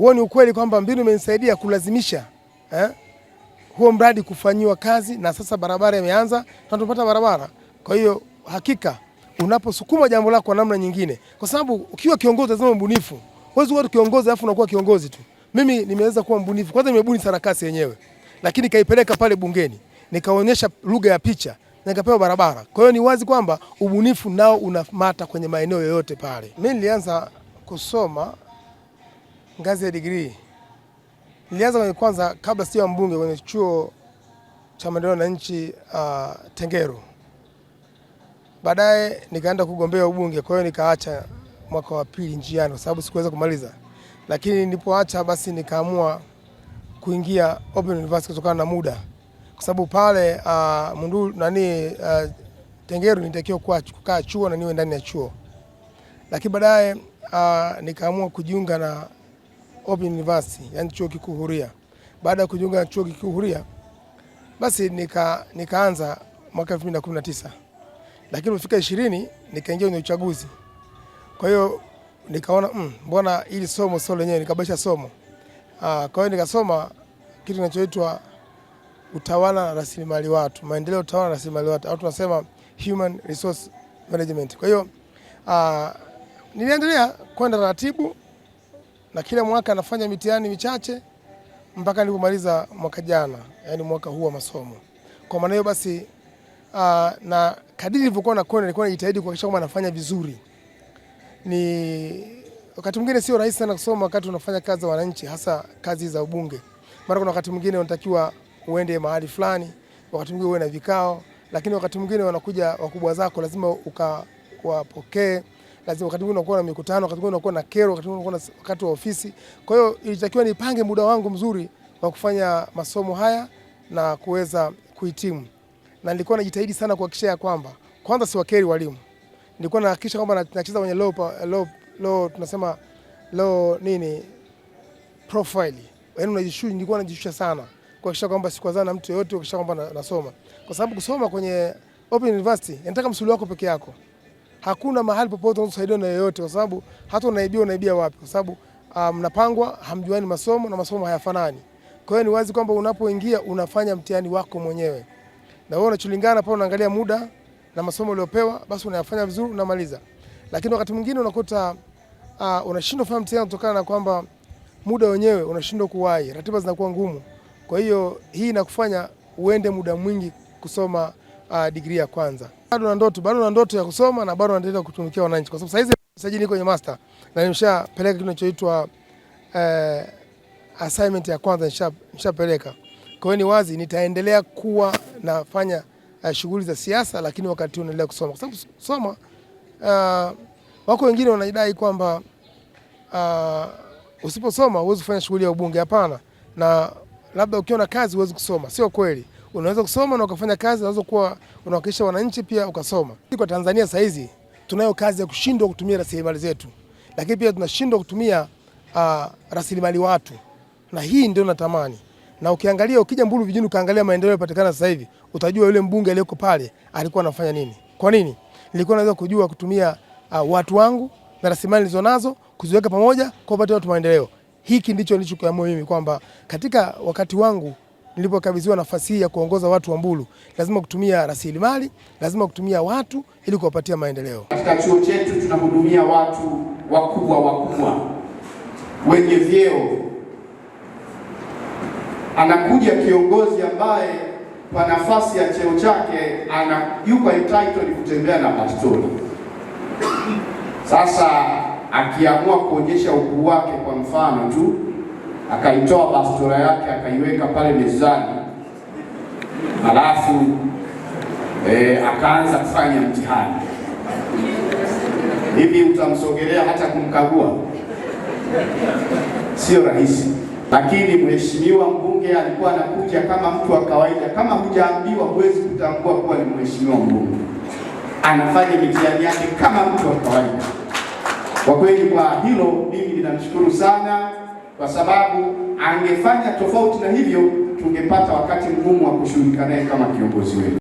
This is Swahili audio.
huo ni ukweli kwamba mbinu imenisaidia kulazimisha eh, huo mradi kufanyiwa kazi na sasa barabara imeanza na tunapata barabara. Kwa hiyo hakika unaposukuma jambo lako kwa namna nyingine, kwa sababu ukiwa kiongozi lazima mbunifu. Huwezi kuwa kiongozi alafu unakuwa kiongozi tu. Mimi nimeweza kuwa mbunifu, kwanza nimebuni sarakasi yenyewe, lakini kaipeleka pale bungeni, nikaonyesha lugha ya picha na nikapewa barabara. Kwa hiyo ni wazi kwamba ubunifu nao unamata kwenye maeneo yoyote pale. Mimi nilianza kusoma ngazi ya degree. Nilianza kwenye kwanza kabla sio mbunge kwenye chuo cha maendeleo na nchi uh, Tengeru. Baadaye nikaenda kugombea ubunge, kwa hiyo nikaacha mwaka wa pili njiani kwa sababu sikuweza kumaliza. Lakini nilipoacha basi nikaamua kuingia Open University kutokana na muda. Kwa sababu pale uh, Mundu nani uh, Tengeru nitakiwa kuwa kukaa chuo na niwe ndani ya chuo. Lakini baadaye uh, nikaamua kujiunga na Open University, yani chuo kikuu huria. Baada ya kujiunga na chuo kikuu huria, basi nika, nikaanza mwaka 2019. Lakini ufika 20 nikaingia kwenye uchaguzi. Kwa hiyo nikaona mm, mbona ili somo sio lenyewe, nikabasha somo. Ah, kwa hiyo nikasoma kitu kinachoitwa utawala na rasilimali watu, maendeleo utawala na rasilimali watu, au tunasema human resource management. Kwa hiyo ah, niliendelea kwenda taratibu na kila mwaka nafanya mitihani michache mpaka nilipomaliza mwaka jana, yani mwaka huu wa masomo. Kwa maana hiyo basi uh, na kadiri nilivyokuwa nakwenda nilikuwa najitahidi kuhakikisha kwamba nafanya vizuri. Ni wakati mwingine sio rahisi sana kusoma wakati unafanya kazi za wananchi, hasa kazi za ubunge. Mara kuna wakati mwingine unatakiwa uende mahali fulani, wakati mwingine uwe na vikao, lakini wakati mwingine wanakuja wakubwa zako, lazima ukawapokee lazima, wakati mwingine unakuwa na mikutano, wakati mwingine unakuwa na kero, wakati mwingine unakuwa na wakati wa ofisi. Kwa hiyo ilitakiwa nipange muda wangu mzuri wa kufanya masomo haya na kuweza kuhitimu, na nilikuwa najitahidi sana kuhakikisha ya kwamba kwanza siwakeri walimu, nilikuwa nahakikisha kwamba nacheza kwenye low, low, low, tunasema low nini profile, yaani unajishusha. Nilikuwa najishusha sana kuhakikisha kwamba sikwazana na mtu yeyote, kuhakikisha kwamba nasoma, kwa sababu kusoma kwenye Open University nataka msuli wako peke yako hakuna mahali popote unasaidiwa na yeyote, kwa sababu hata unaibiwa, unaibia wapi? Kwa sababu ah, mnapangwa, um, hamjuani masomo na masomo hayafanani. Kwa hiyo ni wazi kwamba unapoingia unafanya mtihani wako mwenyewe, na wewe unachulingana pale, unaangalia muda na masomo uliopewa, basi unayafanya vizuri, unamaliza. Lakini wakati mwingine unakuta uh, unashindwa kufanya mtihani kutokana na kwamba muda wenyewe unashindwa kuwahi, ratiba zinakuwa ngumu. Kwa hiyo hii inakufanya uende muda mwingi kusoma uh, digrii ya kwanza. Bado na ndoto, bado na ndoto ya kusoma na bado naendelea kutumikia wananchi, kwa sababu saizi sasa niko kwenye master na nimeshapeleka kitu kinachoitwa uh, assignment ya kwanza nimeshapeleka. Kwa hiyo ni wazi nitaendelea kuwa nafanya uh, shughuli za siasa, lakini wakati naendelea kusoma, kwa sababu soma uh, wako wengine wanadai kwamba uh, usiposoma huwezi kufanya shughuli ya ubunge. Hapana, na labda ukiona kazi huwezi kusoma, sio kweli unaweza kusoma na ukafanya kazi unaweza kuwa unawakilisha wananchi, pia ukasoma. Kwa Tanzania sasa hizi tunayo kazi ya kushindwa kutumia rasilimali zetu, lakini pia tunashindwa kutumia uh, rasilimali watu, na hii ndio natamani na ukiangalia ukija Mbulu vijijini ukaangalia maendeleo yanayopatikana sasa hivi, utajua yule mbunge aliyeko pale alikuwa anafanya nini. Kwa nini? Nilikuwa naweza kujua kutumia uh, watu wangu na rasilimali nazo kuziweka pamoja kwa upate watu maendeleo. Hiki ndicho nilichokuamua mimi kwamba katika wakati wangu nilipokabidhiwa nafasi hii ya kuongoza watu wa Mbulu, lazima kutumia rasilimali, lazima kutumia watu ili kuwapatia maendeleo. Katika chuo chetu tunahudumia watu wakubwa wakubwa wenye vyeo. Anakuja kiongozi ambaye kwa nafasi ya cheo chake ana yuko entitled kutembea na bastola. Sasa akiamua kuonyesha ukuu wake, kwa mfano tu akaitoa bastola yake akaiweka pale mezani, halafu e, eh, akaanza kufanya mtihani. Hivi utamsogelea hata kumkagua sio rahisi, lakini mheshimiwa mbunge alikuwa anakuja kama mtu wa kawaida. Kama hujaambiwa, huwezi kutambua kuwa ni mheshimiwa mbunge. Anafanya mitihani yake kama mtu wa kawaida. Kwa kweli, kwa hilo mimi ninamshukuru sana kwa sababu angefanya tofauti na hivyo tungepata wakati mgumu wa kushughulika naye kama kiongozi wetu.